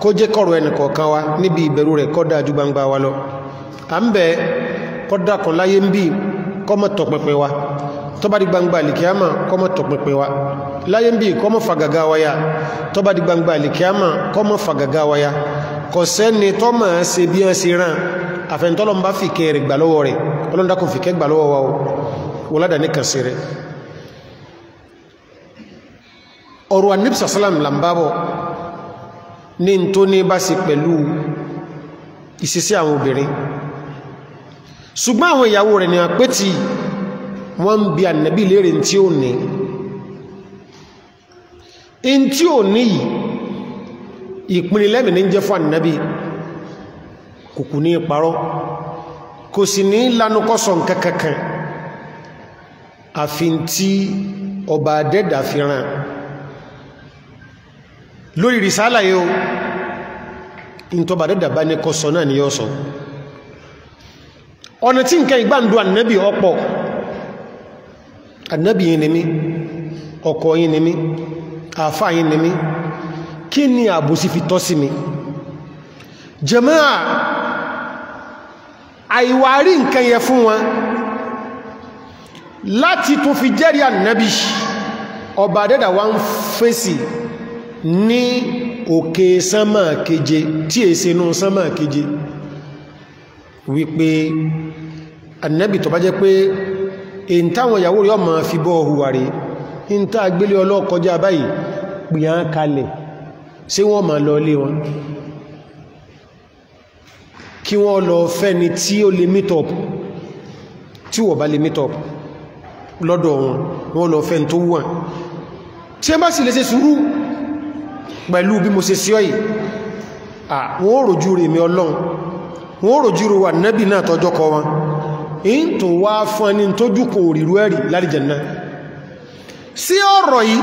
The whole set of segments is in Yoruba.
kó jẹ́ kọ̀rọ̀ ẹnì wa níbi ìbẹ̀rù rẹ̀ kó dáa ju gbangba wa lọ à ń bẹ̀ kó dákun láyé ń bí kó má wa tó di gbangba àlìkíyàmà kó má tọpinpin wa láyé ń bí kó fàgàgà wa ya tó di gbangba àlìkíyàmà kó má fàgàgà wa ya kò sẹ́ni tó máa ṣe bí wọ́n ṣe rán àfẹnitọ́lọ́n bá fi kẹ́ rẹ̀ gbà lọ́wọ́ rẹ̀ Ọlọ́run dákun fi kẹ́ gbà lọ́wọ́ wa o wọ́ládà ní kàn sí rẹ̀ ọ̀rọ̀ àníbsàsálàm làǹbábọ̀ ní tó ní bá sí pẹ̀lú ìṣesí àwọn obìnrin ṣùgbọ́n àwọn ìyàwó rẹ̀ ni àpé tí wọ́n ń bi ànàbí lérè tí ó ní in tí ó ní ìpínlẹ̀mì ní jẹ́ fún ànàbí kòkù ní ìparọ́ kò sì ní lánúkọ́sọ̀ kankankan àfi tí ọba adẹ́dà fi ràn lórí rìsálà yóò ìntọba dẹ́dà bá ní kọsọ náà ni yọ́ sọ ọ̀nà tí nǹkan ìgbàndù ànábì ọ̀pọ̀ ànábì yìí ni mí ọkọ yìí ni mí àfà yìí ni mí kí ni àbòsí fi tọ́ sí mi jàmáà àìwárí nǹkan yẹ fún wọn láti tún fi jẹ́rìí ànábì ọba dẹ́dà wá ń fèsì ní òkè sánmà keje tí è se inú sánmà keje wípé annabi tó bá jẹ́ pé èyí táwọn ìyàwó rí ọmọ fi bọ́ ọ̀hùwà rí ń tá agbélé ọlọ́kọjá báyìí pìyàn kalẹ̀ ṣé wọ́n máa lọ lé wọn kí wọ́n lọ fẹ́ ni tí ó lè meet up tí wọ́n bá lè meet up lọ́dọ̀ wọn wọ́n lọ fẹ́ tó wọ́n tí ẹ bá sì lè ṣe sùúrù pẹ̀lú bí mo ṣe sí ọ̀yí wọ́n rojú rẹ̀ mi ọlọ́run wọ́n rojú rẹ̀ wà nẹ́bì náà tọ́jọ́ kọ wọn in tó wá fún ẹni tó jùkò òrìrú ẹ̀rì lálìjẹ̀nà sí ọ̀rọ̀ yìí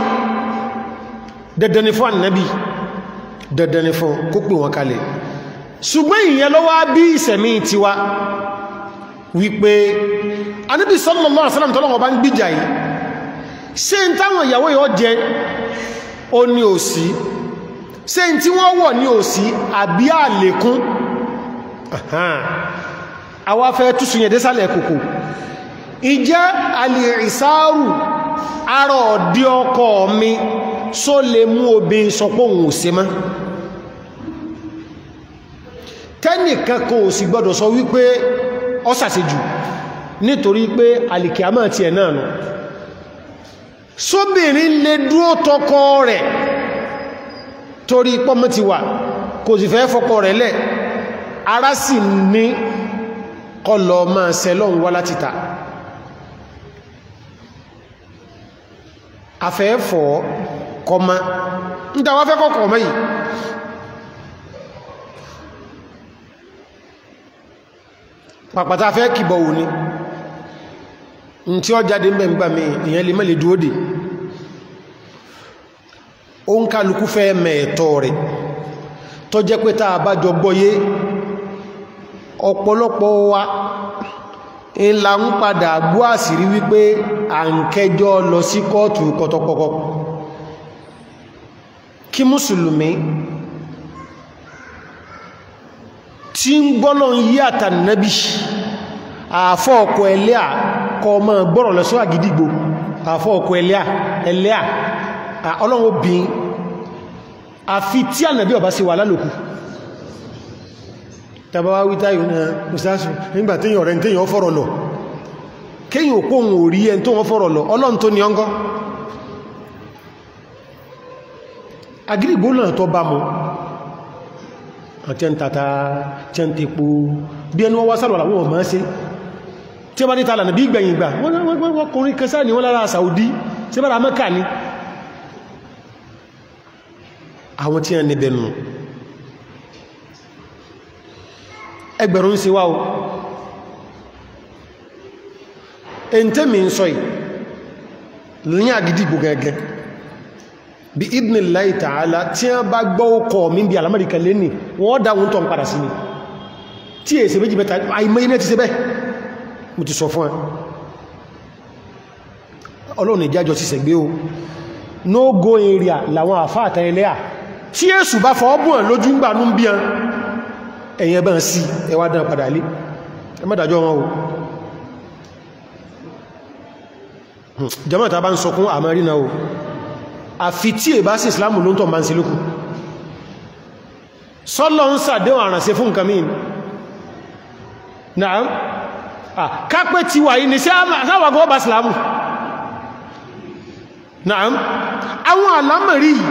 dandan ni fún ànẹ́bì dandan ni fún kó pè wọn kalẹ̀ ṣùgbọ́n ìyẹn ló wá bí ìsẹ̀mí tiwa wípé ànábì sallallahu alaihi tọ́lọ́wọ́ bá ń gbìjà yìí ṣe ń táwọn ìyàwó yóò jẹ ó ní òsì ṣé n tí wọ́n wọ̀ ní òsì àbí àlékún àwa fẹ́ túsù yẹn kòkò ìjẹ́ alì ìsáàrù ara ọ̀dí ọkọ mi só lè mú obin sọpọ̀ òun sọ wípé nítorí pé ẹ̀ náà nù sóbìnrin lè torí pọ́mọ́ ti wà kò sì fẹ́ fọ́pọ̀ rẹ̀ lẹ̀ ara sì ní kọlọ máa sẹlọ́n wá láti ta afẹ́fọ́ kọma nítawà fẹ́ kọ́kọ̀ mọ́ yìí pàpàtà fẹ́ kìbọ̀ ní tí ó jáde mẹ́gbàmí ìyẹn lè mẹ́lẹ̀ dúódìí ó ń kálukú fẹ́ mẹ́ẹ̀tọ́ rẹ̀ tó jẹ́ pé tá bá jọ gbọ́yé ọ̀pọ̀lọpọ̀ wa ńlá ń padà gbú àṣírí wípé à ń lọ sí kóòtù kọtọkọkọ kí mùsùlùmí tí ń gbọ́lọ̀ ń yí àtànàbí àfọ́ ọkọ̀ ẹlẹ́à kọ ọmọ gbọ́rọ̀ lọ àgídìgbò àfọ́ ọkọ̀ ẹlẹ́à ẹlẹ́à ọlọ́run obìn àfi tí ànàbí ọba sí wà lálòkù tàbáwá wítá yìí na musashi nígbà tí yìí ọ̀rẹ́ tí yìí fọ́rọ̀ lọ kéyìn òpó òun ò rí ẹn tó wọ́n fọ́rọ̀ lọ ọlọ́run tó ní ọngọ́ agírígbó náà tó bá mú àti ẹn tàtà tí ẹn ti po Saudi tí ó àwọn tí wọ́n níbẹ̀ nù ẹgbẹ̀rún sí wá o ẹ̀ntẹ́mì ń sọ yìí ní àgídìgbò gẹ́gẹ́ bí idnillahi ta'ala tí wọ́n bá gbọ́ ọkọ̀ mi bí alamẹ́ríkà lé ní wọ́n dáwọn tó ń padà sí ni tí èsè méjì mẹ́ta àìmọ́ ti ṣe bẹ́ẹ̀ mo ti sọ fún ẹ ọlọ́run ìjájọ́ sí sẹ̀gbé o no go area làwọn àfáà tẹ́lẹ́à tí èsù bá fọ́ bùn lójú ń gbà ní bí i ẹ̀yìn ẹbẹ̀ sí ẹwà dán padà lé ẹmọ́dàjọ́ wọn o jẹmọ́ ta bá ń sọkún àmàrínà o àfi tí è bá sí islamu ló ń tọ́ máa ń ṣe lókù sọ́lọ́ ń sàdéhùn àrànṣe fún nǹkan mìí náà kápẹ́ ti wà yìí ní sí àwàgọ́ àwọn àlámọ̀rí yìí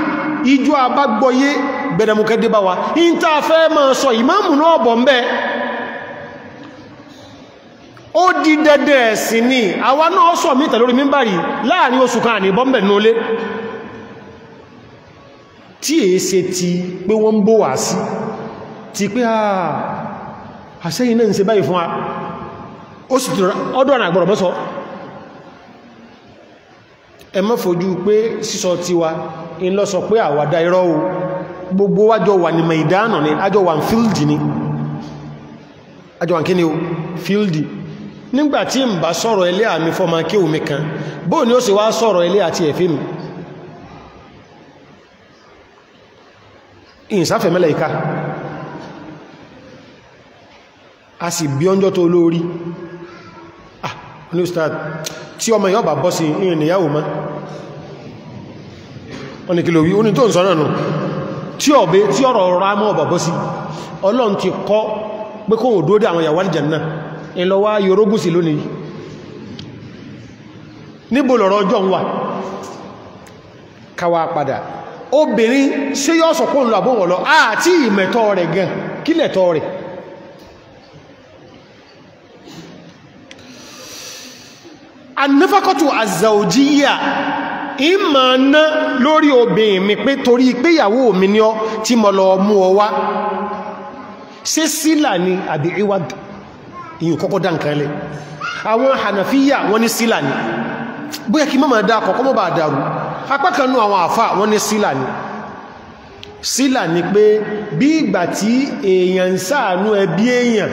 ìjọ àbágbọ́yé bẹ̀rẹ̀mùkẹ́ débá wa in ta fẹ́ ma sọ ìmáàmù náà bọ̀ ń bẹ́ ó di dẹ́dẹ̀ sí ni àwa náà sọ mítà lórí mímbàrí láàrin oṣù kan ní bọ́m̀bẹ̀ nólé tí è ṣe ti pé wọ́n bó wà sí ti pé àṣẹ́yìn náà ń ṣe báyìí fún wa àgbọ̀rọ̀ mọ́sọ̀ọ́ ẹ má fojú pé sísọ tiwa in lọ sọ pé àwàdà irọ́ o gbogbo wájọ wà ní maidana ni ajọ wà fíldì ni ajọ wà kíni o fíldì nígbàtí ń bá ilé àmì omi kan bó ni ó sì wá sọ̀rọ̀ ilé àti ẹ̀fẹ́ mi ìsáfẹ̀mẹ́lẹ̀ ìka a sì bí ọjọ́ tó lórí ní ustad tí ọmọ yọ bà bọ́ sí ìrìn ìyàwó mọ́ wọ́n ni kí ló wí o ní tó ń sọ náà nù tí ọ̀bẹ tí ọ̀rọ̀ rámọ́ ọ̀bà bọ́ sí ọlọ́run ti kọ́ pé kó wò dóódé àwọn yàwó alìjẹ̀ náà ìlọ́wà yorógùsì annafakọ́tù azaujiya ìmọ̀ ná lórí obìnrin mi pé torí péyàwó mi ní ọ tí mọ̀ lọ mú ọ wá ṣe sílà ni àbí iwad ìyìn kọ́kọ́ dáǹkanlẹ̀ àwọn hànàfíyà wọ́n ní sílà ni bóyá kí mọ́mọ̀ dá kọ̀kọ́ mọ́ bá dàrú apákanú àwọn àfà wọ́n ní sílà ni sílà ni pé bí ìgbà tí èèyàn ń sáànú ẹbí èèyàn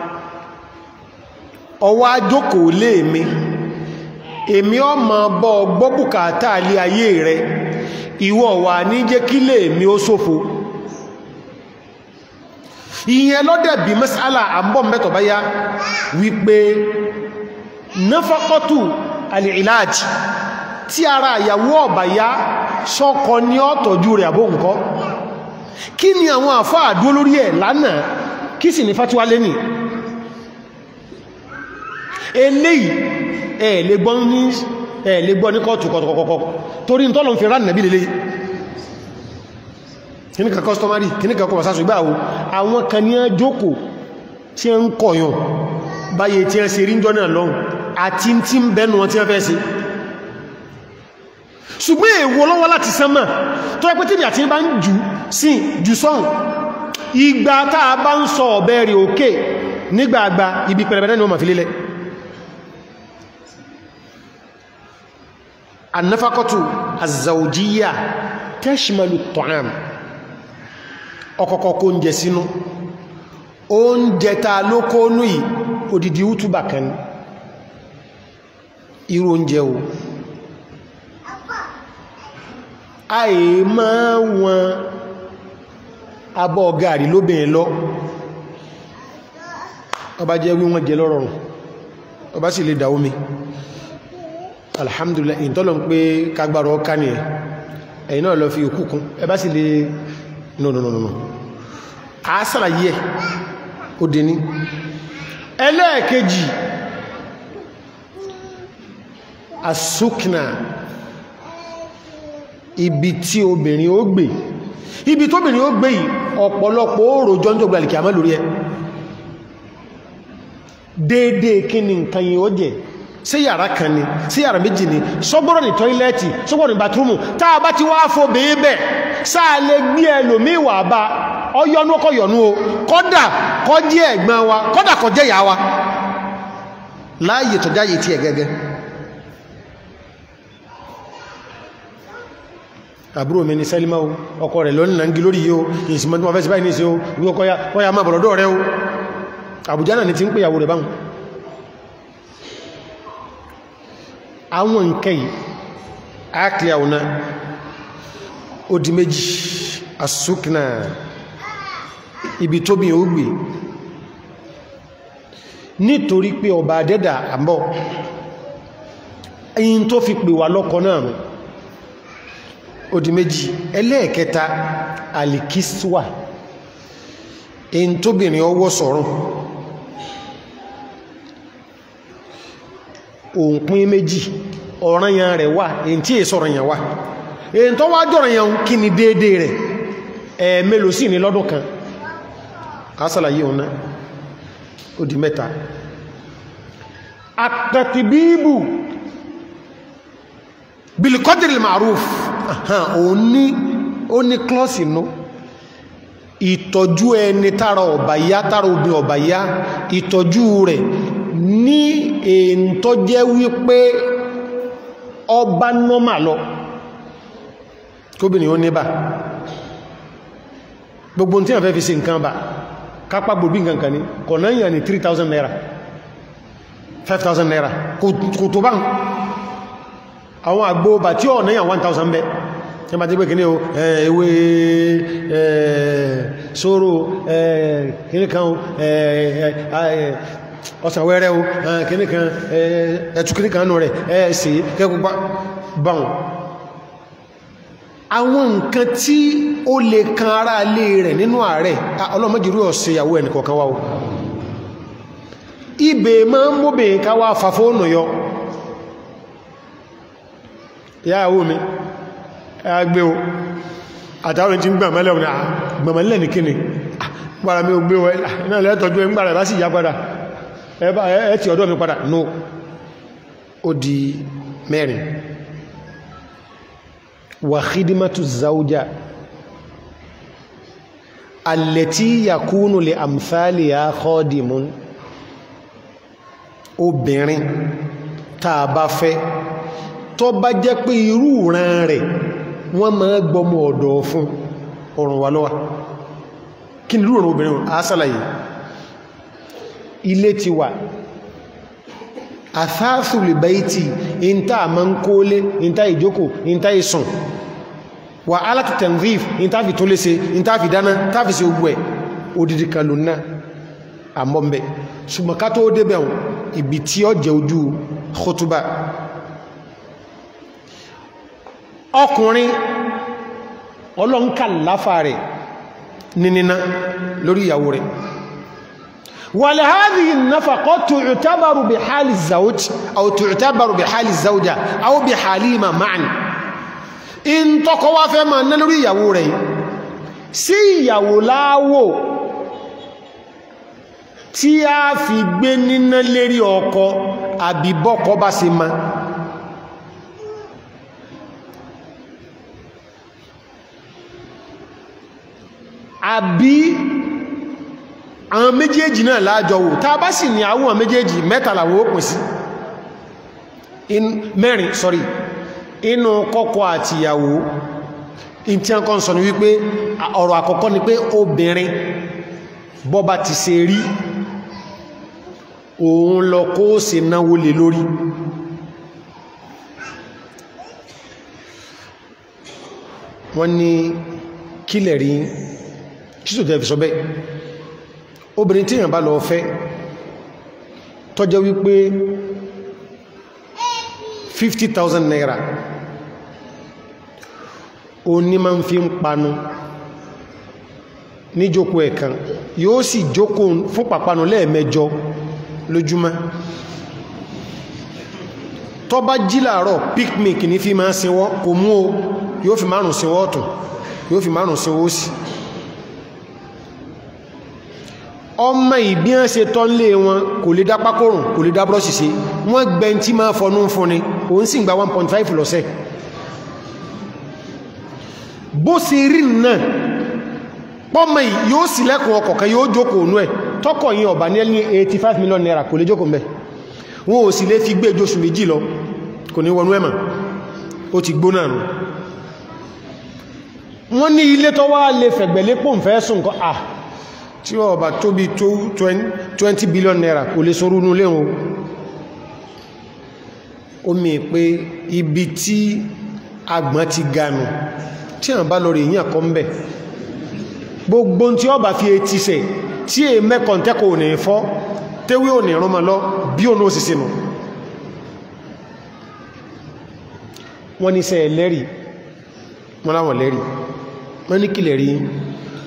ọwọ́ ajókòó lé mi èmi ọmọ bọ́ gbọ́bùkátà lé ayé rẹ ìwọ wà ní jẹ́ kí lè mi ó ṣòfò ìyẹn lọ́dẹ̀ bí mẹ́sàlá àbọ̀ mẹ́tọ̀ bá yá wípé náfàkọ́tù alìláàjì tí ara àyàwó ọ̀bà sọ́kọ ní ọ̀tọ̀jú rẹ̀ àbó kí ni àwọn àfáà dúó lórí ẹ̀ lánàá kí sì ní fatuwa lẹ́nìí eléyìí ẹ̀ lè gbọ́ ní ẹ̀ lè gbọ́ ní kọ́ọ̀tù kọ̀kọ̀kọ̀kọ̀ torí ń tọ́lọ̀ ń fi rán nàbí lélẹ́ kìníkà customary kìníkà kọmọ̀ sásù ìgbàwó àwọn kan ní ẹjọ́kò tí ẹ ń kọ̀yàn báyé tí ẹ ṣe rí jọ náà lọ́hùn àti tí ń bẹnu wọn tí ẹ fẹ́ sí ṣùgbọ́n èwo lọ́wọ́ láti sánmà tó ẹ pé tí àti bá ń jù sí jù sọ́hùn ìgbà táa bá ń sọ ọ̀bẹ̀ rẹ̀ òkè nígbàgbà ibi pẹ̀lẹ̀pẹ̀lẹ̀ ni wọ́n mà fi lélẹ̀ annafakọtù azawjiya tashmalu ta'am ọkọ̀kọ̀ kó ń jẹ sínú oúnjẹ ta ló kó nú ì òdìdí útùbà kan irú oúnjẹ o àì máa wọn abọ́ gàrí lóbìnrin lọ ọba jẹ́ wí wọ́n jẹ lọ́rọ̀rùn ọba sì lè dà omi alhamdulillah ìtọ́lọ̀ ń pé kagbàrọ̀ ká ní ẹ̀ ẹ̀yìn náà lọ fi òkúkún ẹ bá sì lè no no no no a sàlàyé ẹ̀ ó dé ní ẹlẹ́ẹ̀kejì asúkìnà ibi tí obìnrin ó gbé ibi tóbìnrin ó gbé yìí ọ̀pọ̀lọpọ̀ oòrò jọ́njọ́gbà lè kí a mọ́ lórí ẹ déédéé kí ni nǹkan yìí sí yàrá kan ni sí yàrá méjì ni sọ́gbọ́rọ̀ ní tọ́ílẹ̀tì sọ́gbọ́rọ̀ ní bathroomu táa bá ti wá fò bèébẹ̀ sáà lè gbí ẹlòmí wà bá ọyọnú ọkọ̀ yọnú o kọ́dà kọjí ẹ̀gbọ́n wa kọ́dà kọjẹ́ ìyá wa láàyè tọ́jáyè tí ẹ̀ gẹ́gẹ́ àbúrò mi ni sẹ́límà o ọkọ rẹ̀ lọ́nà náà ń lórí yíó ìsìnmọ́ tí báyìí ní ìsìn o wíwọ́kọ́ ya máa bọ̀lọ́dọ́ rẹ̀ o àbújá náà ni ti ń pè ìyàwó rẹ̀ báhùn àwọn nǹkan yìí ákìlẹ̀ àwọn ó asúkìnà ibi tóbi ó gbé nítorí pé ọba adẹ́dà àbọ̀ ẹ̀yin tó fi pè wà lọ́kọ náà nù ẹlẹ́ẹ̀kẹta alikiswa ẹ̀yin tóbìnrin ọwọ́ sọ̀rùn òǹpin méjì ọ̀ranyàn rẹ̀ wà èyí tí èso ọ̀ranyàn wà èyí tó wá jọ̀ranyàn kí ni déédé rẹ̀ ẹ̀ẹ̀mélò sí ní lọ́dún kan asàlàyé òun náà ó di mẹ́ta àtàtìbíbù bilkọ́dìrì maruf òun ní ó ní klọ́sì nú ìtọ́jú ẹni tààrà ọ̀bàyá tààrà obìn ọ̀bàyá ìtọ́jú rẹ̀ ní èyí tó jẹ́ wípé ọba nọ́mà lọ kóbìnrin ó níbà gbogbo tí wọ́n fẹ́ fi ṣe nǹkan bà kápá gbogbo nǹkan kan ní kọ̀nàyàn ní 3000 naira 5000 naira kò tó bá ń àwọn àgbò bà tí ọ̀nàyàn 1000 bẹ́ tí ma ti pé kìíní o ewé sóró kìíní kan ọ̀sán wẹ́rẹ́ o kìnnìkan ẹ̀tù kìnnìkan nù rẹ̀ ẹ̀ẹ̀sì kẹ́gbogbo báwọn àwọn nǹkan tí ó lè kan ara lè rẹ̀ nínú ààrẹ ọlọ́mọdìrú ọ̀sẹ̀ ìyàwó ẹnìkọ̀ọ̀kan wá o ibè máa ń mọ́bìn wá fóònù yọ mi ẹgbẹ́ o àtàwọn ń gbàmọ́lẹ̀ ọ̀nà gbàmọ́lẹ̀ nìkíni wọ́n náà bá sì yá ẹ ti ọ̀dọ̀ mi padà no ó di mẹ́rin wà khidimatu zauja allati yakunu li amthaliha khadimun obìnrin tàà bá fẹ́ tó bá jẹ́ pé irú ìran rẹ̀ wọ́n máa gbọmọ ọ̀dọ̀ fún ọ̀rùn wà lọ́wà kí ni irú ìran obìnrin a ilé ti wà àtháàsùlì bẹ̀ẹ̀tì ìntà àmà ń kólé ìntà ìjókò ìntà ìsùn wà aláti tẹ̀nzíf ìntà fi tó lése ìntà fi dáná tàfi sí ogbẹ̀ odidi kalù náà àmọ́mbẹ̀ ṣùgbọ́n ká tó khutuba ọkùnrin ọlọ́nkà láfà rẹ̀ nínina lórí ìyàwó ولهذه النفقة تعتبر بحال الزوج أو تعتبر بحال الزوجة أو بحالهما معا in tọ́kọ wá fẹ́ máa ná lórí ìyàwó rẹ̀ sí ìyàwó láwò tí a fi gbé níná lérí ọkọ àbíbọ́kọ bá ṣe ma àbí àwọn méjèèjì náà láàjọwò tá bá sì ní àwọn méjèèjì mẹ́tàlàwò ó pín sí mẹ́rin sorry inú kọ́kọ àti ìyàwó in tí wọ́n kọ́ sọ ní wípé ọ̀rọ̀ àkọ́kọ́ ni pé obìnrin bọ́ba ti ṣe rí òun lọ kó ṣe náwó lè lórí wọ́n ní kílẹ̀ rí kí sọ obìnrin tí èèyàn bá lọ fẹ́ tó jẹ́ wípé 50,000 naira ó ní máa ń fi ń panu ní jókòó ẹ̀kan yóò sì jókòó fún pàpanu lẹ́ẹ̀mẹjọ lójúmọ́ tó bá jí làárọ̀ picnic ní fi máa sinwọ́ kò mú o yóò fi márùn-ún sinwọ́ ọ̀tún yóò fi márùn-ún sinwọ́ òsì ọmọ ìbíyàn ṣe tọ́ lé wọn kò lè dá pákòrùn kò lè dá brọ́ṣì ṣe wọ́n gbẹn tí máa fọnú fún ni òun sì gba 1.5 lọ́sẹ̀ bó ṣe rí náà pọ́mọ̀ yóò sì lẹ́kùn ọkọ̀ kan yóò jókòó nú ẹ̀ tọ́kọ̀ yìí ọ̀bà ní ẹni 85 million naira kò lè jókòó mẹ́ wọn ò sì lè fi gbé jóṣù méjì lọ kò ní wọnú ẹ̀mà ó ti gbóná nù wọ́n ní ilé tọ́wọ́ lè fẹ̀gbẹ̀lé pòǹfẹ́ sùn kan ah tí ó bá tó bí 20 billion naira kò lè sorú nulé wọn ó mi pé ibi tí agbọ́n ti ganu tí àwọn bá lọ rí èyàn kọ́ ń bẹ̀ gbogbo tí ó bá fi etí sẹ̀ tí è mẹ́kàn tẹ́kọ̀ ò ní fọ́ tẹ́wé ò ní rán lọ bí òun ó sì sínú wọ́n ní sẹ́ lẹ́rì wọ́n láwọn lẹ́rì wọ́n ní kìlẹ̀ rí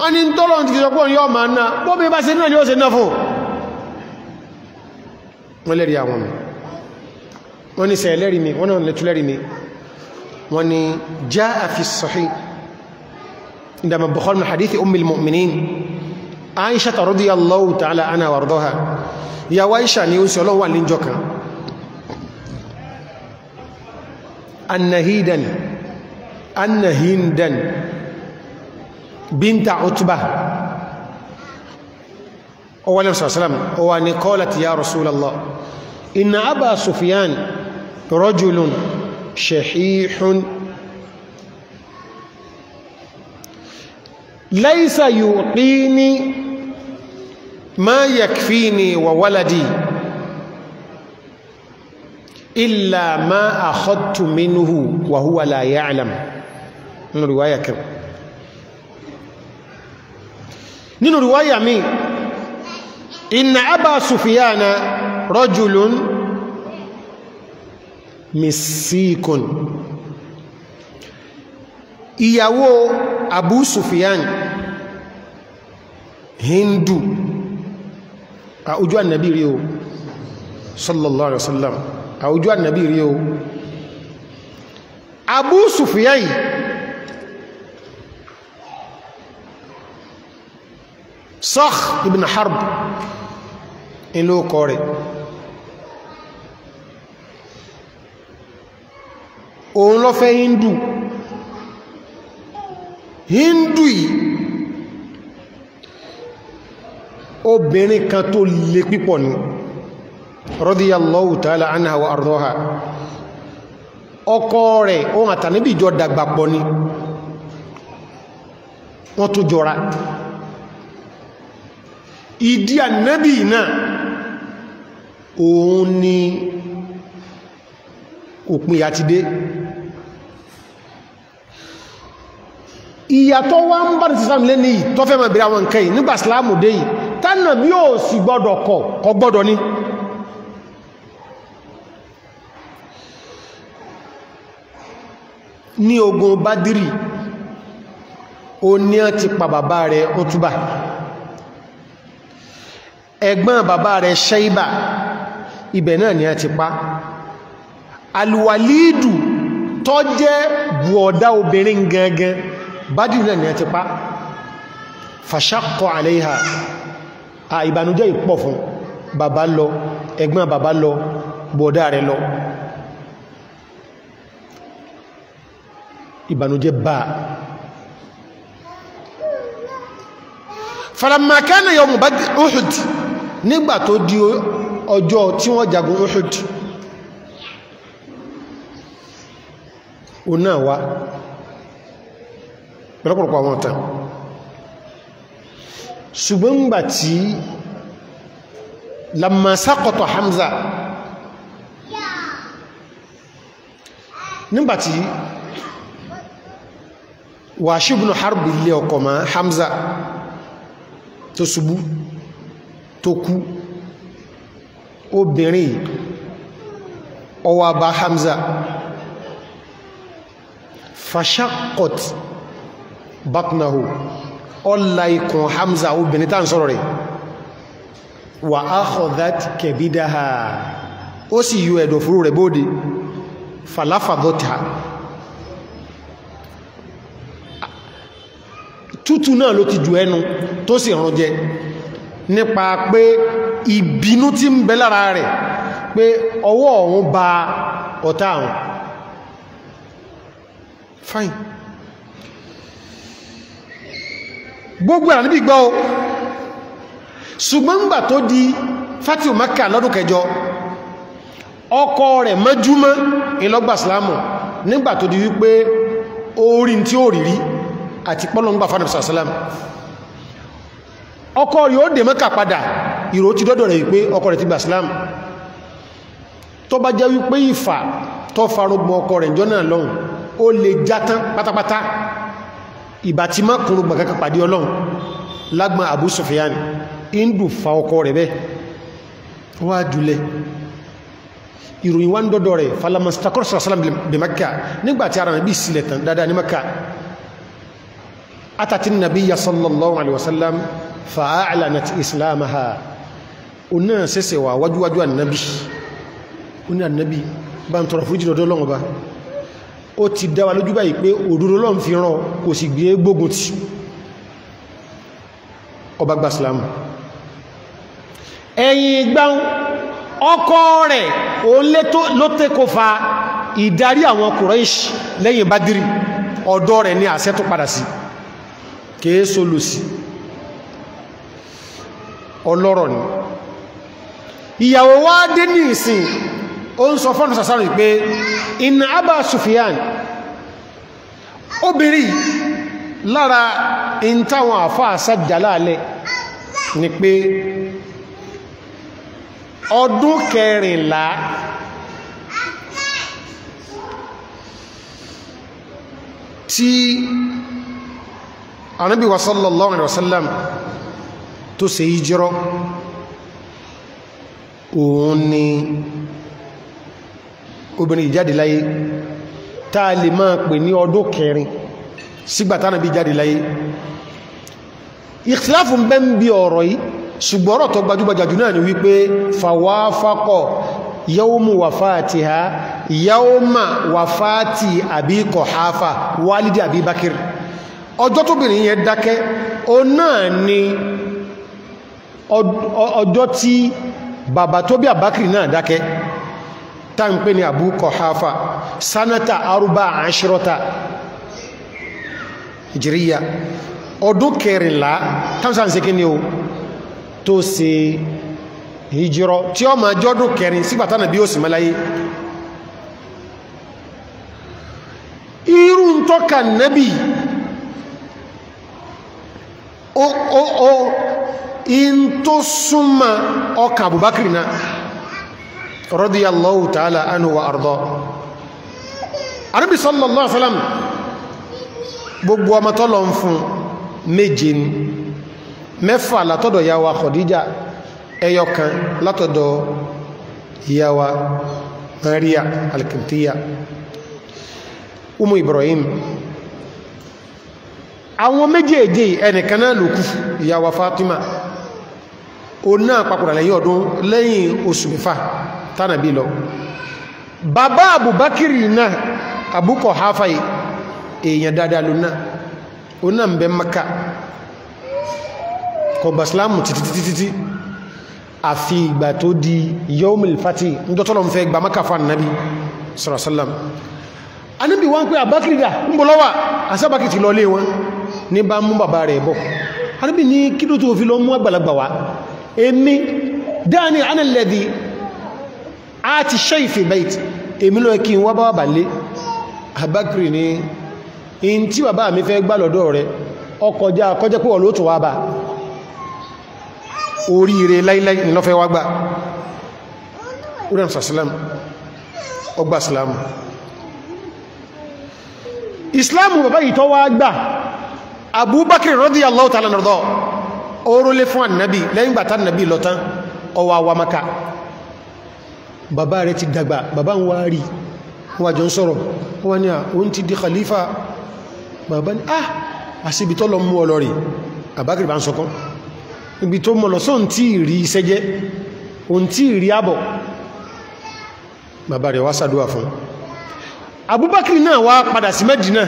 wọ́n ni tọ́lọ̀ ti sọ pọ̀ yọ́ ma náà bó bí bá ṣe náà yóò ṣe náà fún wọ́n lẹ́rí àwọn mi wọ́n ni sẹ̀ lẹ́rí mi wọ́n náà lẹ́tú lẹ́rí mi wọ́n ni jaa fi sahih indama Bukhari min hadithi ummil mu'minin Aisha radiyallahu ta'ala anha wardaha بنت عتبه هو النبي صلى الله عليه وسلم قالت يا رسول الله ان ابا سفيان رجل شحيح ليس يعطيني ما يكفيني وولدي الا ما اخذت منه وهو لا يعلم من روايه كريم nínú riwaya mi inna abba sufiyana rajulun misikun ìyàwó abu sufiyan hindu a ojú annabi rí o sallallahu alaihi wasallam a ojú annabi rí o abu sufiyan Sakh ibn Harb ìlú ọkọ̀ rẹ̀ òun lọ fẹ́ hindu hindu yìí obìnrin kan tó lè pípọ̀ ní radiyallahu ta'ala anha wa ardaha ọkọ rẹ̀ ohun àtàníbìjọ dàgbàpọ̀ ni wọ́n tó jọra ìdí ànábì náà òun ni òpin àtidé ìyàtọ̀ wá ń bá ní sísàmì lé ní ìtọ́fẹ́ mọ̀ ìbìrà wọn kẹ́yìn nígbà sílámù dé yìí tánà bí ó sì gbọ́dọ̀ kọ̀ kọ gbọ́dọ̀ ní ní ogun Badiri o ní ọ ti pa bàbá rẹ̀ ọtúbà ẹ̀gbọ́n bàbá rẹ̀ ṣẹ́ibà ibẹ̀ náà ni a ti pa alwalidu tó jẹ́ bùọ̀dá obìnrin gangan bádìí náà ni a ti pa fàṣàkọ̀ àléhà à ìbànújẹ́ ìpọ̀ fún bàbá lọ ẹ̀gbọ́n bàbá lọ bùọ̀dá rẹ̀ lọ ìbànújẹ́ bá falamma kana yawm badr uhud nígbà tó di ọjọ́ tí wọ́n jagun Uhud o náà wá pẹ̀lọ́pọ̀lọpọ̀ àwọn ọ̀tàn ṣùgbọ́n gbà tí lamma Hamza nígbàtí Washi ibn Harb ilé ọkọ̀ ma Hamza tó ṣubú tó kú obìnrin ó wá bá Hamza fashakot batnahu ọlá ikùn Hamza obìnrin tá ń sọ̀rọ̀ rẹ̀ wà áhọ̀dát kẹbídáha ó sì yọ ẹ̀dọ̀fóró rẹ̀ bóde falafadọ́ta tútù náà ló ti jù ẹnu tó sì rán jẹ nípa pé ìbínú tí ń bẹ lára rẹ̀ pé ọwọ́ ọ̀hún ba ọ̀tá àwọn fine gbogbo ẹ̀rà níbi gbọ́ ṣùgbọ́n gbà tó di fatihu maka lọ́dún kẹjọ ọkọ rẹ̀ mẹ́júmọ́ ìlọ́gbà islamu nígbà tó di wípé orin tí ó rírí àti pọ́lọ́ngbà fanibisa salam ọkọ rẹ̀ ó dè mọ́kà padà ìrò ti dọ́dọ̀ rẹ̀ wípé ọkọ rẹ̀ ti gbà Islam tó bá jẹ́ wípé ìfà tó farogun ọkọ rẹ̀ jọ náà lọ́hùn ó lè játán pátápátá ìbá ti má kúrò gbà pàdé ọlọ́hun lágbọn Abu Sufyan indu fa ọkọ rẹ̀ bẹ́ẹ̀ wá jùlẹ̀ ìròyìn wá ń dọ́dọ̀ rẹ̀ falamastakọ́ sàrásàlám bí Makka nígbàtí ara rẹ̀ bí sílẹ̀ tán dáadáa ní sallallahu alaihi wasallam fa'a'lanat islamaha ona sese wa wajuwaju annabi ona annabi ba n tọrọ fúrújì lọ́dọ̀ lọ́wọ́ ba ó ti dáwà lójú báyìí pé òdúró lọ́n fi ràn kò sì gbé gbógun ti ọba gba islamu ẹ̀yìn ìgbàun ọkọ rẹ̀ òun ló tẹ́kọ̀ fa ìdarí àwọn Kùráìṣì lẹ́yìn Bádírì ọ̀dọ̀ rẹ̀ ní àṣẹ tó padà sí kèé solùsì ọlọ́rọ̀ ni ìyàwó wá dé ní ìsìn ó ń sọ fọ́nà sàsárì pé iná abba Sufyan obìnrin lára in táwọn àfá àsájà láàlẹ́ ni pé ọdún kẹrìnlá tí Ànábì sallallahu alaihi wasallam tó ṣe ìjírọ́ òun ni obìnrin ìjáde láyé tá a lè máa pè ní ọdún kẹrin sígbàtánà bí jáde láyé ìkìláfù ń bẹ ń bí ọ̀rọ̀ yìí ṣùgbọ́n ọ̀rọ̀ tó gbajúgbajà jù náà ni wípé fàwáfákọ̀ yawmu wafatiha yawma wafati àbí kọ̀háfà wálídì àbí bákìrì ọjọ́ tóbìnrin yẹn dákẹ́ o náà ni ọjọ́ tí bàbá tó bí àbákìrì náà dákẹ́ tá ń pè ní Abu Kohafa sanata arúbá àṣírọ́ta ìjìríyà ọdún kẹrìnlá tamsan se kí ni o tó ṣe ìjírọ tí ó máa jọ́dún kẹrin sígbàtánà bí ó sì mẹ́láyé irú tọ́ka nẹ́bì in tó súnmọ́ ọkà Abubakar náà radiyallahu ta'ala anhu wa arda Ànábì sallallahu alaihi wasallam gbogbo ọmọ tọ́lọ ń fún méje ni mẹ́fà látọ̀dọ̀ ìyá wa Khadija ẹyọkan látọ̀dọ̀ ìyá wa Maria al-Qibtiyya Umu Ibrahim àwọn méjèèjì ẹnìkan lòkú ìyá Fatima o náà papòdà lẹ́yìn ọdún lẹ́yìn oṣù mẹ́fà tánàbí lọ bàbá àbúbákìrì náà àbúkọ̀ hafaì èèyàn dáadáa ló náà o náà ń bẹ maka kọgbà islamu títítítítí àfi ìgbà tó di yomil fati nítọ́tọ́lọ́ fẹ́ gba maka fún annabi sọ̀rọ̀sọ́lám anábi wọ́n pé àbákìrì dà ń bọ̀ lọ́wà àsábákì ti lọ lé wọn ní bá mú bàbá rẹ̀ bọ̀ anábi ní kí ló tó fi lọ mú àgbàlagbà wá èmi dáni ánàlẹ́dì àti ṣẹ́ìfì bait èmi ló kí n wá bá bà lé àbákìrì ní in tí bàbá mi fẹ́ gbà lọ́dọ̀ rẹ ọkọjá kọjẹ́ pọ̀ lóòtù wá bá oríire láíláí ni lọ́fẹ́ wá gbà ọgbà ìsìlámù ìsìlámù tó wá gbà Abubakar radiyallahu ta'ala anhu orólé fún ànàbí lẹ́yìn gbàtà ànàbí lọ́tán ọwà àwàmaka bàbá rẹ̀ ti dàgbà bàbá ń wá rí wọ́n jọ ń sọ̀rọ̀ wọ́n ni à oún di khalifa bàbá ni ah àṣíbi tó lọ mú ọ lọ rí àbákìrì bá ń sọkán ibi tó mọ̀ lọ sóhun tí rí iṣẹ́ jẹ́ ohun tí rí àbọ̀ bàbá rẹ̀ wá sàdúwà fún Abubakar náà wá padà sí Mẹ́dínà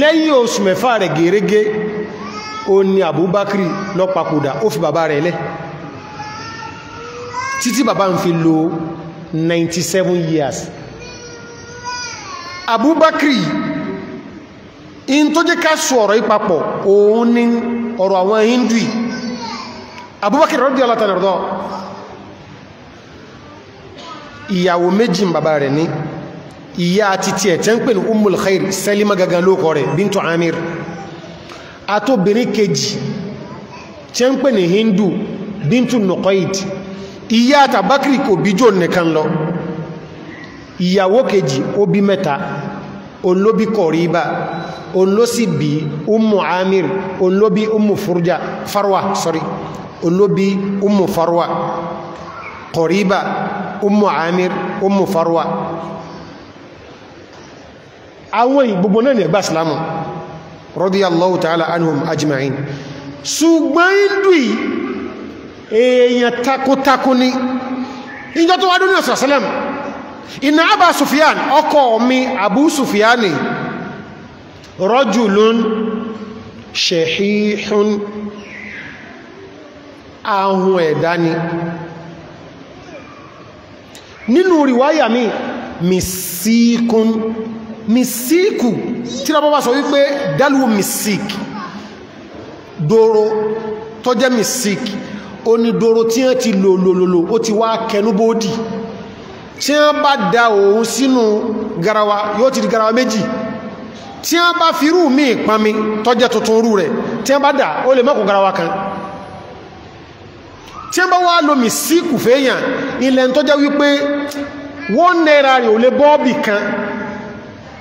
lẹ́yìn oṣù mẹ́fà rẹ̀ gẹ́rẹ́gẹ́ ó ní Abubakar lọ papòdà ó fi bàbá rẹ̀ lẹ̀ títí bàbá ń fi lo 97 years Abubakar in tó jẹ́ ká sọ ọ̀rọ̀ ìpapọ̀ òun ní ọ̀rọ̀ àwọn Hindu Abubakar radiyallahu ta'ala anhu ìyàwó méjì bàbá rẹ̀ ní ìyá àti tiẹ̀ tẹ́ ń pè ní Ummul Khair Salima gangan lókọ rẹ̀ bintu Amir àtóbìnrin kejì tí ń pè ní hindu bíntù nukoid ìyá àtàbákìrì kò bí jò nìkan lọ ìyàwó kejì ó bí mẹ́ta olóbi kọ̀ríbà olósi bí umu amir olóbi umu furja farwa sorry olóbi umu farwa kọ̀ríbà umu amir umu farwa àwọn ìgbogbo náà ní ẹgbà islamu radiyallahu ta'ala anhum ajma'in ṣùgbọ́n hindu yìí èèyàn takuntakun ni ìjọ tó wádùn ní ọ̀sàsálẹ̀m ìnà àbá Sufyan ọkọ mi Abu Sufyani rajulun shehihun ahun ẹ̀dá ni nínú riwaya mi misikun misiku tí lọ́pọ̀ bá sọ wípé dálùú misik dòrò tó jẹ́ misik ó ní dòrò tí wọ́n ti lò lò lò ó ti wá kẹnúbódì tí wọ́n bá da òun sínú garawa yóò ti di garawa méjì tí wọ́n bá firú mi ìpami tó jẹ́ tuntun rú rẹ̀ tí wọ́n bá dà ó lè mọ́kù garawa kan tí wọ́n bá wá lo misik fèèyàn ilẹ̀ tó jẹ́ wípé wọ́n náírà rẹ̀ ò lè bọ́ọ̀bì kan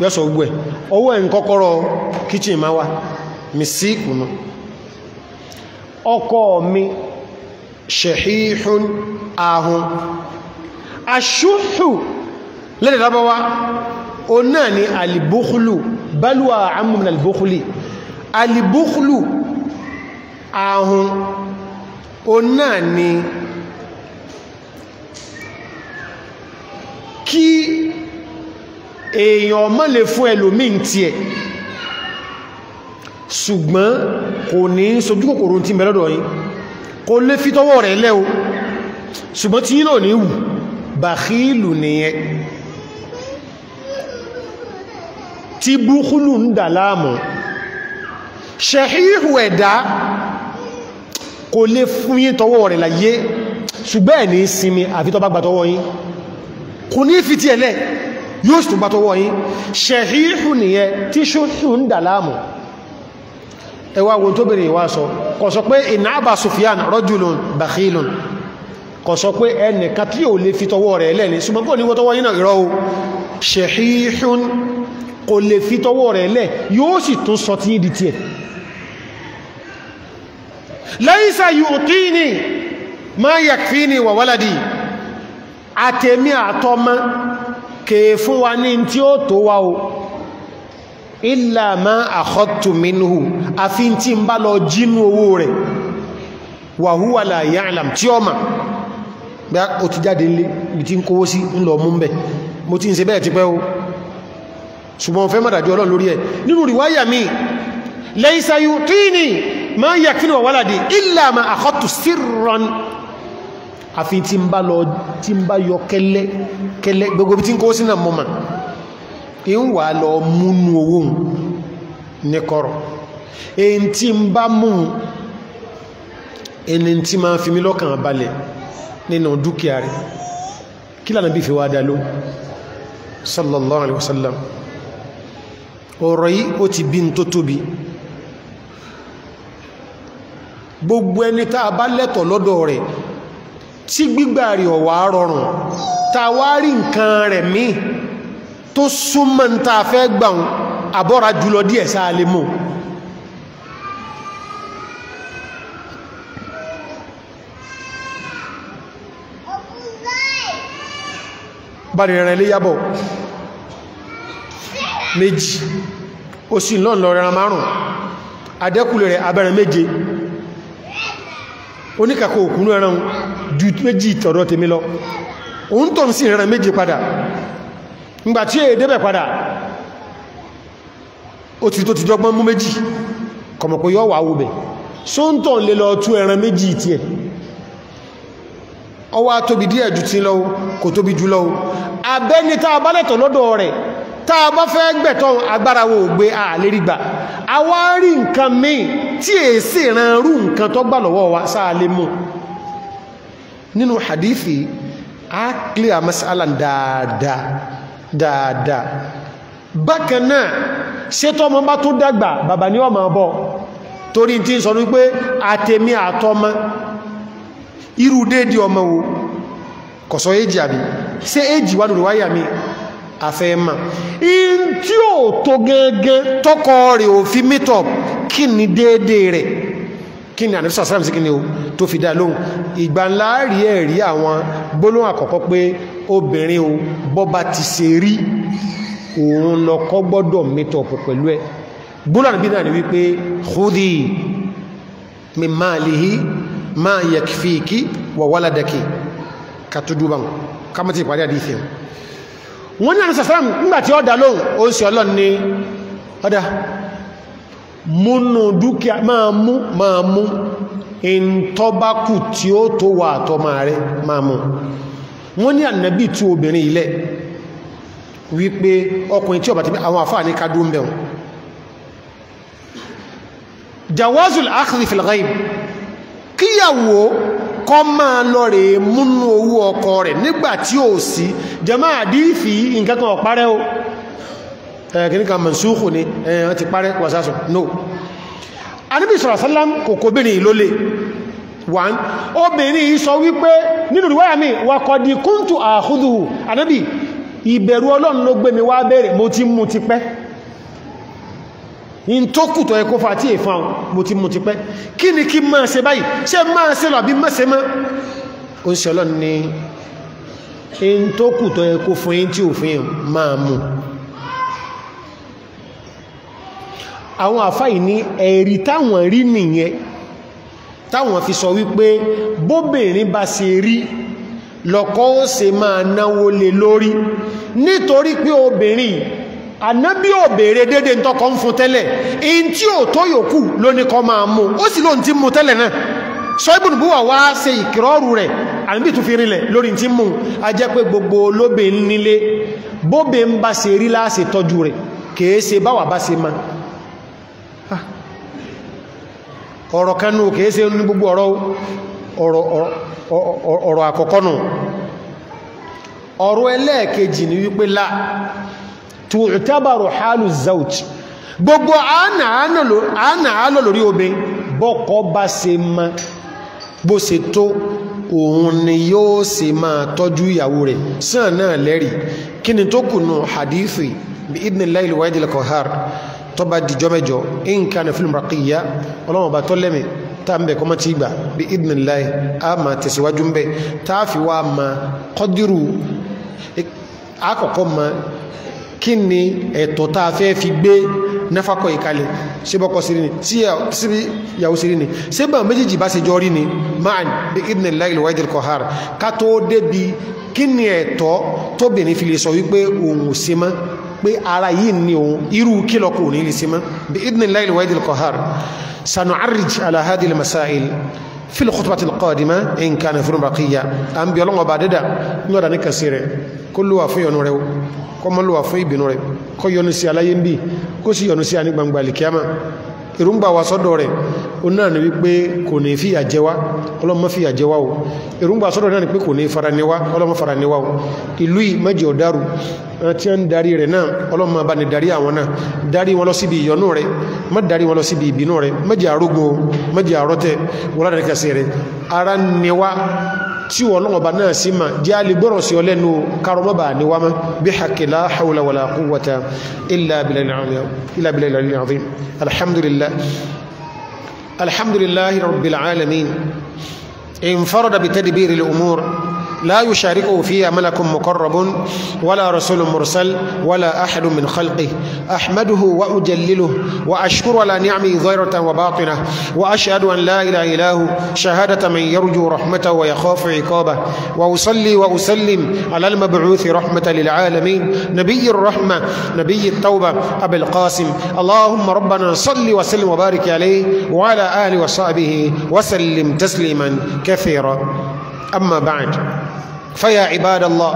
yọ́sọ̀ gbogbo ẹ̀ ọwọ́ ẹ̀ ń kọ́kọ́rọ́ kíchìn máa wá mi sí ìkùnú ọkọ mi ṣẹ̀híhún ahun aṣúhù lẹ́dẹ̀ lábọ́wá o náà ni alìbókúlù bálúwà àmúmin alìbókúlì alìbókúlù ahun o náà ni kí èèyàn ọmọ lè fún ẹlòmíì tí ẹ̀ ṣùgbọ́n kò ní sojú kòkòrò tí mẹ́lọ́dọ̀ yìí kò lè fi tọwọ́ rẹ̀ lẹ́ o ṣùgbọ́n tí yínà ní wù bàkílù nìyẹn tí búkúlù ń dà láàmù ṣẹ̀híhù ẹ̀dá kò lè fún yín tọwọ́ rẹ̀ láyé ṣùgbọ́n ẹ̀ ní sinmi àfi tọwọ́ yín kò ní fi ti ẹ̀lẹ́ yóò sì tún bá tọwọ́ yín ṣẹ̀híhù nìyẹn tí ṣúhù ń dà láàmù ẹwà wọn tó bèèrè wá sọ kò sọ pé ìnà àbà Sufyan rọ́jùlùn bàkílùn kò sọ pé ẹnìkan tí yóò lè fi tọwọ́ rẹ̀ lẹ́ni ṣùgbọ́n àtẹ̀mí àtọ́mọ́ kèé fún wa ní tí ó tó wá o illa ma akhadtu minhu àfi tí ń bá lọ jínú owó rẹ̀ wa huwa la ya'lam tí ó mà bí ó ti jáde nílé bí tí ń kówó sí ń lọ mú bẹ̀ mo ti ń ṣe bẹ́ẹ̀ ti pẹ́ o ṣùgbọ́n fẹ́ mọ̀dájú ọlọ́run lórí ẹ̀ nínú ríwáyà mi laysa àfi tí ń bá lọ tí ń bá yọ kẹ́lẹ́ kẹ́lẹ́ gbogbo bí tí ń kó sínà mọ́mà ń wà lọ múnú owó ní kọ̀rọ̀ èyí tí ń bá mú ẹni tí máa fi mí lọ́kàn balẹ̀ nínú dúkìá rẹ̀ kí lànà bí fi dá ló sallallahu alaihi wasallam ọ̀rọ̀ yìí ó ti bí n tó tóbi gbogbo ẹni tá a bá lẹ́tọ̀ lọ́dọ̀ rẹ̀ tí gbígbà rẹ̀ ọ̀wà rọrùn tàwárí nǹkan rẹ̀ mí tó súnmọ́ ń ta fẹ́ gbàun àbọ́ra jùlọ díẹ̀ sáà lè mọ́ bari rẹ̀ lé yábọ̀ méjì ó sì lọ́n lọ rẹran márùn adẹ́kùlẹ̀ rẹ̀ abẹ́rẹ̀ méje oníkàkò òkúnú ẹran ju méjì tọrọ tèmi lọ òun tó ń meji padà ngbà tí èdè padà ó ti tó ti dọ́gbọ́n e mú méjì yọ́ wà wùbẹ̀ só ń tọ̀ lè lọ tú ẹran méjì tí ẹ̀ ọwá tóbi díẹ̀ jù tí lọ́wọ́ kò tóbi jù lọ́wọ́ abẹ́ni tá a bá lọ́dọ̀ a bá fẹ́ agbára tí èsì ìran rú nǹkan tó gbà nínú hadithi a clear masalan dáadáa dáadáa bákan náà ṣe tọ́mọ bá tó dàgbà bàbá ní ọmọ bọ́ torí tí ń sọ wípé àtẹ̀mí àtọmọ irú dédé ọmọ wo kọ̀sọ̀ èjì àbí ṣe èjì wà lórí wáyà mi àfẹ́ in tí ó tó gẹ́gẹ́ tọ́kọ rẹ̀ ò mítọ̀ kí ni dédé rẹ̀ kí ni ànífisà sáàmù sí kí ni o tó fi dá lóhùn ìgbà ńlá rí ẹ̀rí àwọn gbólóhùn àkọ́kọ́ pé obìnrin o bọ́ba ti ṣe rí òun lọkọ gbọ́dọ̀ mítọ̀pù pẹ̀lú ẹ̀ gbólóhùn bí náà ni wípé khudi min malihi ma yakfiki wa waladaki ka tó dúbà kámọ́tì ìparí àdífẹ́ wọn ní ànífisà sáàmù nígbà tí ó dá lóhùn ó ń ṣe ọlọ́ni múnú dúkìá máa mú máa mú in tọ́bákù tí ó tó wà àtọ́mà rẹ̀ máa mú wọ́n ní ànàbí tí obìnrin ilẹ̀ wípé ọkùnrin tí ó bá àwọn àfáà ní kádú ń bẹ̀rún jawazul akhdi fil ghaib kíyàwó kọ́ máa lọ rẹ̀ múnú owó ọkọ rẹ̀ nígbàtí ó sí jẹ́máà dìífì nǹkan kan ọ̀párẹ́ o, o Eh, kìí kan mọ̀súkù ni ẹ̀yàn eh, ti parẹ́ wàsásùn no anábì sọ̀rọ̀sálám kò kò bèèrè ìlólè wọ́n obìnrin sọ wípé nínú ìwáyà mi wàkọ̀dì kúntù àhúdù anábì ìbẹ̀rù ọlọ́run ló gbé mi wá ni kí máa ṣe báyìí ṣe máa ṣe lọ bí máa ṣe mọ́ ó ń ṣe ọlọ́run ni in tó kù tó ẹkó fún yín tí àwọn àfáì ní ẹ̀rí táwọn rí nìyẹn táwọn fi sọ wípé bóbìnrin bá ṣe rí lọ́kọ ó ṣe máa náwó lé lórí nítorí pé obìnrin ànábí ò béèrè dédé ń tọ́kọ ń fún tẹ́lẹ̀ in tí ò tó yòókù ló ní kọ́ máa mú ó sì lóhun tí mú tẹ́lẹ̀ náà sọ ibùdó wà wá ṣe ìkìrọ́rù rẹ̀ ànábí tún fi rinlẹ̀ lórí tí mú a jẹ́ pé gbogbo olóbìn nílé bóbìn bá ṣe rí láṣẹ tọ́jú rẹ̀ kèé báwà bá ṣe máa ọ̀rọ̀ kanú kèése ní gbogbo ọ̀rọ̀ àkọ́kọ́nù ọ̀rọ̀ ẹlẹ́ẹ̀kejì ni wípé lá tó ìtàbàrò hálù zauj gbogbo àánàálò lórí obe bọ́kọ́ bá ṣe ma bó to tó ni yóò si ma tọ́jú ìyàwó rẹ̀ sàn náà lẹ́rì kí ni tó hadithi bí idnillahi al tọba dìjọ́ mẹ́jọ in kana fil baqiyya ọlọ́wọ̀n bá tọ́lẹ́mì tá ń bẹ̀ kọ́mọ́ tí gbà bí idhnillahi a máa tẹ̀síwájú ń bẹ̀ tá a fi wá ma kọ́dírù àkọ́kọ́ ma kí ni ẹ̀tọ́ tá a fẹ́ fi gbé náfàkọ̀ ìkalẹ̀ síbọ́kọ̀ sí ni sí ìyàwó sí ni síbà méjìjì bá ṣe jọ rí ni máa bí idhnillahi al-wahidil qahhar ká tó débi kí ni ẹ̀tọ́ tóbìnrin fi lè sọ wípé òun ò ṣe mọ́ pé ara yìí ni òun irú kílọ̀ kò ní lè mọ́ bí idhnillahi al-wahid al-qahhar sanu'arrij ala hadhihi al-masail fi al-khutbati al-qadima in kana fún baqiya à ń bí ọlọ́wọ́ bá dẹ́dà ní ọ̀dà ní kàsí rẹ̀ kó lùwà fún yọnu rẹ̀ kó mọ́ lùwà fún ìbínú rẹ̀ kó yọnu sí aláyé ń bì kó sì yọnu sí àní gbangba al èròǹgbà wa sọ́dọ̀ rẹ̀ o náà ni wípé kò ní fìyà jẹ wá ọlọ́mọ fìyà jẹ wá o èròǹgbà sọ́dọ̀ náà ni pé kò ní fara ni wá ọlọ́mọ fara ni wá o ìlú yìí mẹ́jẹ ọ̀darù tí a ń darí rẹ̀ náà ọlọ́mọ bá ní darí àwọn náà darí wọn lọ síbi ìyọnú rẹ̀ má darí wọn lọ síbi ìbínú rẹ̀ mẹ́jẹ àrógún mẹ́jẹ àrọ́tẹ̀ wọ́n láti kẹsẹ̀ rẹ̀ ara ni tí ọlọ́wọ̀n bá na sí ma jẹ́ alìgbọ́rọ̀ sí ọlẹ́nu ba ní wá ma bí haqqi la hawla wala quwwata illa billahi al-azim alhamdulillah alhamdulillahi rabbil alamin infarada bi tadbiril umur لا يشاركه فيها ملك مقرب ولا رسول مرسل ولا أحد من خلقه أحمده وأجلله وأشكر على نعمه ظاهرة وباطنة وأشهد أن لا إله إلا هو شهادة من يرجو رحمته ويخاف عقابه وأصلي وأسلم على المبعوث رحمة للعالمين نبي الرحمة نبي التوبة أبي القاسم اللهم ربنا صل وسلم وبارك عليه وعلى آله وصحبه وسلم تسليما كثيرا أما بعد فيا عباد الله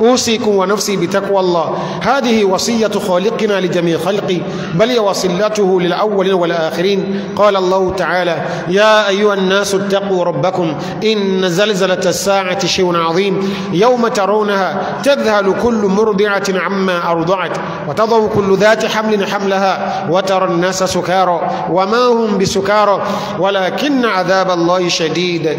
أوصيكم ونفسي بتقوى الله هذه وصية خالقنا لجميع خلقه بل هي وصلته للأولين والآخرين قال الله تعالى يا أيها الناس اتقوا ربكم إن زلزلة الساعة شيء عظيم يوم ترونها تذهل كل مرضعة عما أرضعت وتضع كل ذات حمل حملها وترى الناس سكارى وما هم بسكارى ولكن عذاب الله شديد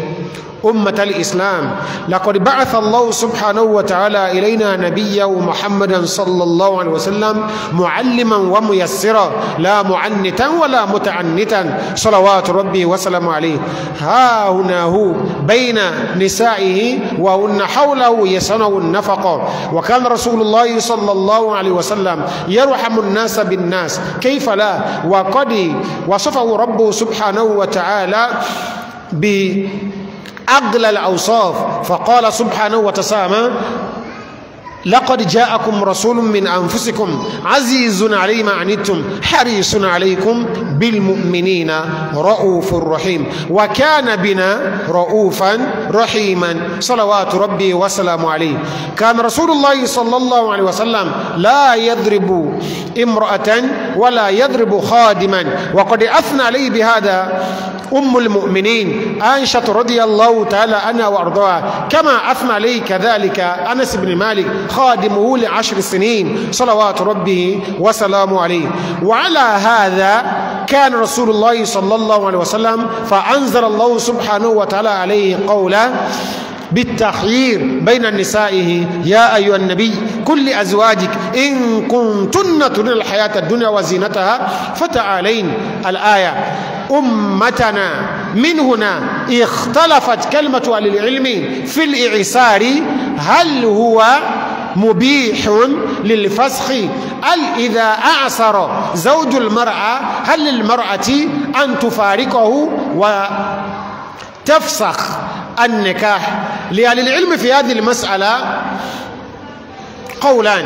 أمة الإسلام لقد بعث الله سبحانه وتعالى إلينا نبيا محمدا صلى الله عليه وسلم معلما وميسرا لا معنتا ولا متعنتا صلوات ربي وسلم عليه ها هنا هو بين نسائه وهن حوله يسنوا النفقة وكان رسول الله صلى الله عليه وسلم يرحم الناس بالناس كيف لا وقد وصفه ربه سبحانه وتعالى ب أغلى الأوصاف فقال سبحانه وتسامى لقد جاءكم رسول من أنفسكم عزيز علي ما عنتم حريص عليكم بالمؤمنين رؤوف رحيم وكان بنا رؤوفا رحيما صلوات ربي وسلام عليه كان رسول الله صلى الله عليه وسلم لا يضرب امرأة ولا يضرب خادما وقد أثنى عليه بهذا أم المؤمنين عائشة رضي الله تعالى عنها وأرضاها كما أثنى عليه كذلك أنس بن مالك خادمه لعشر سنين صلوات ربه وسلامه عليه وعلى هذا كان رسول الله صلى الله عليه وسلم فأنزل الله سبحانه وتعالى عليه قوله بالتخيير بين نسائه يا أيها النبي كل أزواجك إن كنتن تريد الحياة الدنيا وزينتها فتعالين الآية أمتنا من هنا اختلفت كلمة أهل العلم في الإعسار هل هو مبيح للفسخ هل إذا أعسر زوج المرأة هل للمرأة أن تفارقه وتفسخ النكاح لأهل العلم في هذه المسألة قولان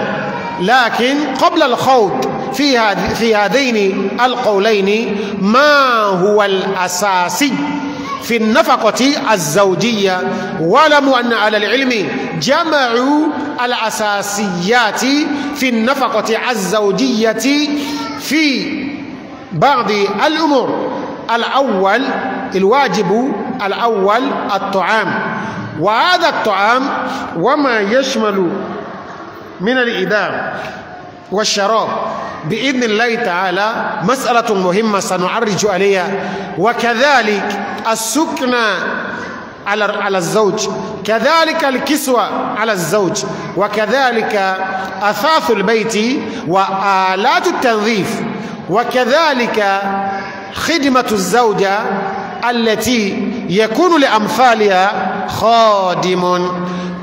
لكن قبل الخوض في في هذين القولين ما هو الأساسي في النفقة الزوجية واعلموا أن على العلم جمعوا الأساسيات في النفقة الزوجية في بعض الأمور الأول الواجب الأول الطعام وهذا الطعام وما يشمل من الإدام والشراب بإذن الله تعالى مسألة مهمة سنعرج عليها وكذلك السكنى على على الزوج كذلك الكسوة على الزوج وكذلك أثاث البيت وآلات التنظيف وكذلك خدمة الزوجة التي يكون لأمثالها خادم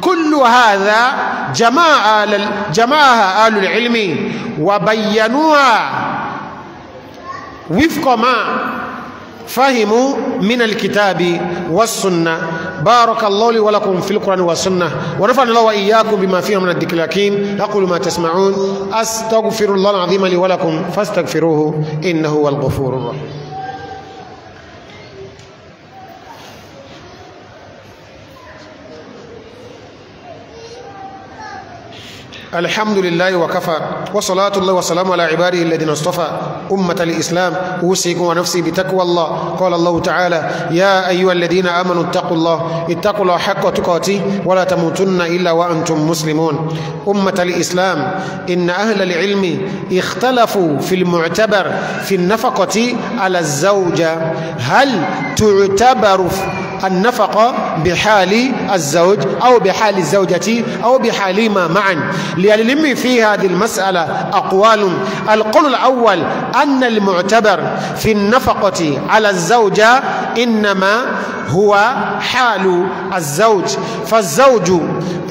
كل هذا جماعة جماعها أهل العلم وبينوها وفق ما فهموا من الكتاب والسنة بارك الله لي ولكم في القرآن والسنة ونفعني الله وإياكم بما فيها من الذكر الحكيم أقول ما تسمعون أستغفر الله العظيم لي ولكم فاستغفروه إنه هو الغفور الرحيم الحمد لله وكفى وصلاة الله وسلام على عباده الذين اصطفى أمة الإسلام أوصيكم ونفسي بتقوى الله قال الله تعالى يا أيها الذين آمنوا اتقوا الله اتقوا الله حق تقاته ولا تموتن إلا وأنتم مسلمون أمة الإسلام إن أهل العلم اختلفوا في المعتبر في النفقة على الزوجة هل تعتبر النفقة بحال الزوج أو بحال الزوجة أو بحالهما معا للعلم في هذه المسألة أقوال القول الأول أن المعتبر في النفقة على الزوجة إنما هو حال الزوج فالزوج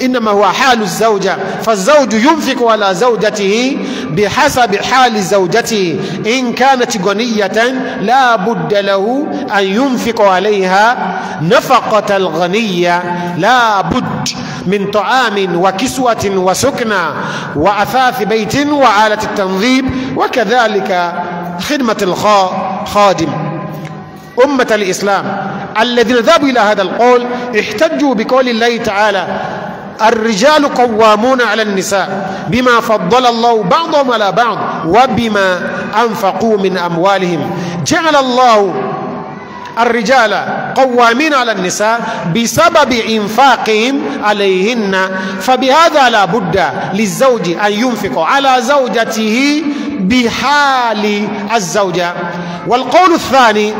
إنما هو حال الزوجة فالزوج ينفق على زوجته بحسب حال زوجته إن كانت غنية لا بد له أن ينفق عليها نفقة الغني لا بد من طعام وكسوة وسكنى وأثاث بيت وآلة التنظيم وكذلك خدمة الخادم أمة الإسلام الذين ذهبوا إلى هذا القول احتجوا بقول الله تعالى الرجال قوامون على النساء بما فضل الله بعضهم على بعض وبما أنفقوا من أموالهم جعل الله الرجال قوامين على النساء بسبب إنفاقهم عليهن فبهذا لا بد للزوج أن ينفق على زوجته بحال الزوجة والقول الثاني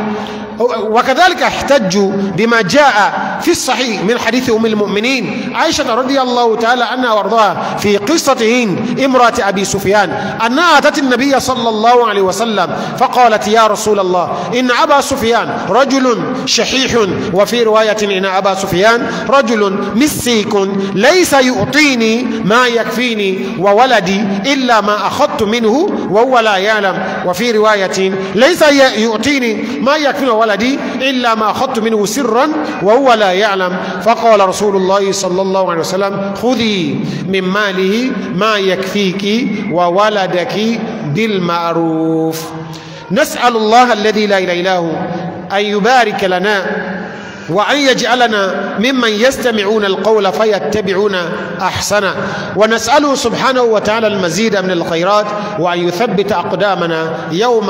وكذلك احتجوا بما جاء في الصحيح من حديث أم المؤمنين عائشة رضي الله تعالى عنها وارضاها في قصة هند امرأة أبي سفيان أنها أتت النبي صلى الله عليه وسلم فقالت يا رسول الله إن أبا سفيان رجل شحيح وفي رواية إن أبا سفيان رجل مسيك ليس يعطيني ما يكفيني وولدي إلا ما أخذت منه وهو لا يعلم وفي رواية ليس يعطيني ما يكفيني وولدي إلا ما أخذت منه سرا وهو لا يعلم فقال رسول الله صلى الله عليه وسلم خذي من ماله ما يكفيك وولدك بالمعروف نسأل الله الذي لا إله إلا هو أن يبارك لنا وأن يجعلنا ممن يستمعون القول فيتبعون أحسنه ونسأله سبحانه وتعالى المزيد من الخيرات وأن يثبت أقدامنا يوم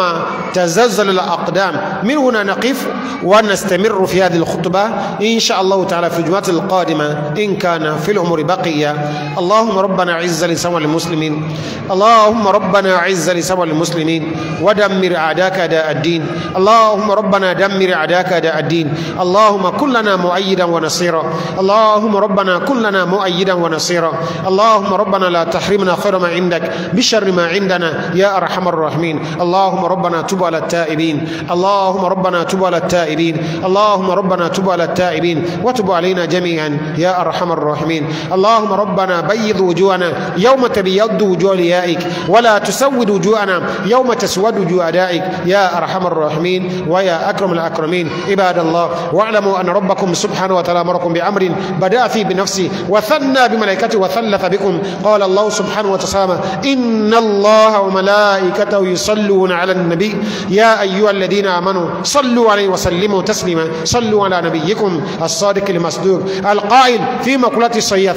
تزلزل الأقدام من هنا نقف ونستمر في هذه الخطبة إن شاء الله تعالى في الجمعة القادمة إن كان في الأمور بقية اللهم ربنا عز لسوى المسلمين اللهم ربنا عز لسوى المسلمين ودمر أعداك أداء الدين اللهم ربنا دمر أعداك أداء الدين اللهم اللهم كلنا مؤيدا ونصيرا اللهم ربنا كلنا مؤيدا ونصيرا اللهم ربنا لا تحرمنا خير ما عندك بشر ما عندنا يا أرحم الراحمين اللهم ربنا تب على التائبين اللهم ربنا تب على التائبين اللهم ربنا تب على التائبين وتب علينا جميعا يا أرحم الراحمين اللهم ربنا بيض وجوهنا يوم تبيض وجوه ليائك ولا تسود وجوهنا يوم تسود وجوه أدائك يا أرحم الراحمين ويا أكرم الأكرمين عباد الله واعلموا أن ربكم سبحانه وتعالى أمركم بأمر بدأ فيه بنفسه وثنى بملائكته وثلث بكم قال الله سبحانه وتعالى إن الله وملائكته يصلون على النبي يا أيها الذين آمنوا صلوا عليه وسلموا تسليما صلوا على نبيكم الصادق المصدوق القائل في مقولة الصياد